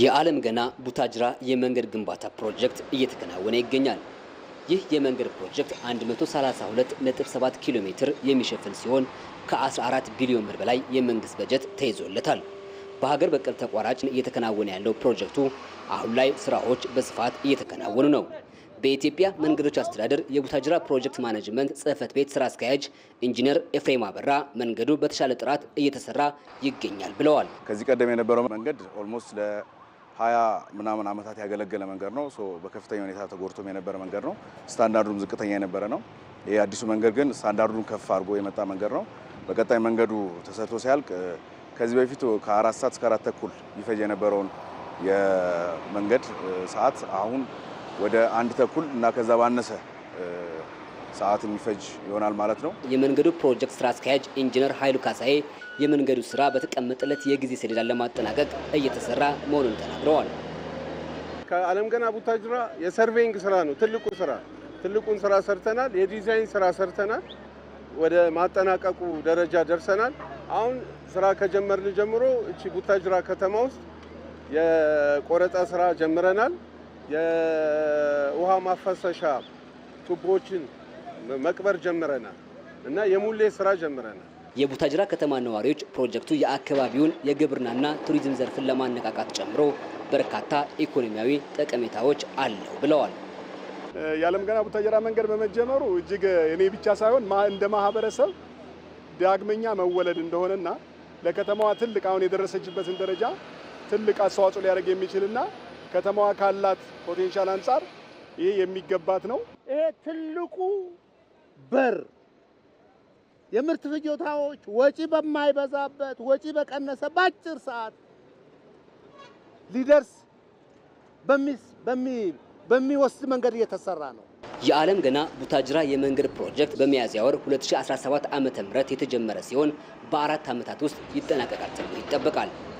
የዓለም ገና ቡታጅራ የመንገድ ግንባታ ፕሮጀክት እየተከናወነ ይገኛል። ይህ የመንገድ ፕሮጀክት 132.7 ኪሎ ሜትር የሚሸፍን ሲሆን ከ14 ቢሊዮን ብር በላይ የመንግስት በጀት ተይዞለታል። በሀገር በቀል ተቋራጭ እየተከናወነ ያለው ፕሮጀክቱ አሁን ላይ ስራዎች በስፋት እየተከናወኑ ነው። በኢትዮጵያ መንገዶች አስተዳደር የቡታጅራ ፕሮጀክት ማኔጅመንት ጽህፈት ቤት ስራ አስኪያጅ ኢንጂነር ኤፍሬም አበራ መንገዱ በተሻለ ጥራት እየተሰራ ይገኛል ብለዋል። ከዚህ ቀደም የነበረው መንገድ ኦልሞስት ሀያ ምናምን ዓመታት ያገለገለ መንገድ ነው። በከፍተኛ ሁኔታ ተጎድቶም የነበረ መንገድ ነው። ስታንዳርዱም ዝቅተኛ የነበረ ነው። ይህ አዲሱ መንገድ ግን ስታንዳርዱን ከፍ አድርጎ የመጣ መንገድ ነው። በቀጣይ መንገዱ ተሰርቶ ሲያልቅ ከዚህ በፊት ከአራት ሰዓት እስከ አራት ተኩል ይፈጅ የነበረውን የመንገድ ሰዓት አሁን ወደ አንድ ተኩል እና ከዛ ባነሰ ሰዓት የሚፈጅ ይሆናል ማለት ነው። የመንገዱ ፕሮጀክት ስራ አስኪያጅ ኢንጂነር ኃይሉ ካሳዬ የመንገዱ ስራ በተቀመጠለት የጊዜ ሰሌዳ ለማጠናቀቅ እየተሰራ መሆኑን ተናግረዋል። ከአለም ገና ቡታጅራ የሰርቬይንግ ስራ ነው ትልቁ ስራ። ትልቁን ስራ ሰርተናል። የዲዛይን ስራ ሰርተናል። ወደ ማጠናቀቁ ደረጃ ደርሰናል። አሁን ስራ ከጀመርን ጀምሮ እቺ ቡታጅራ ከተማ ውስጥ የቆረጣ ስራ ጀምረናል። የውሃ ማፈሰሻ ቱቦችን መቅበር ጀምረናል እና የሙሌ ስራ ጀምረናል። የቡታጅራ ከተማ ነዋሪዎች ፕሮጀክቱ የአካባቢውን የግብርናና ቱሪዝም ዘርፍን ለማነቃቃት ጨምሮ በርካታ ኢኮኖሚያዊ ጠቀሜታዎች አለው ብለዋል። የዓለም ገና ቡታጅራ መንገድ በመጀመሩ እጅግ እኔ ብቻ ሳይሆን እንደ ማህበረሰብ ዳግመኛ መወለድ እንደሆነና ለከተማዋ ትልቅ አሁን የደረሰችበትን ደረጃ ትልቅ አስተዋጽኦ ሊያደርግ የሚችልና ከተማዋ ካላት ፖቴንሻል አንጻር ይሄ የሚገባት ነው። ይሄ ትልቁ በር የምርት ፍጆታዎች ወጪ በማይበዛበት ወጪ በቀነሰ በአጭር ሰዓት ሊደርስ በሚወስድ መንገድ እየተሰራ ነው። የዓለም ገና ቡታጅራ የመንገድ ፕሮጀክት በሚያዝያ ወር 2017 ዓ.ም የተጀመረ ሲሆን በአራት ዓመታት ውስጥ ይጠናቀቃል ተብሎ ይጠበቃል።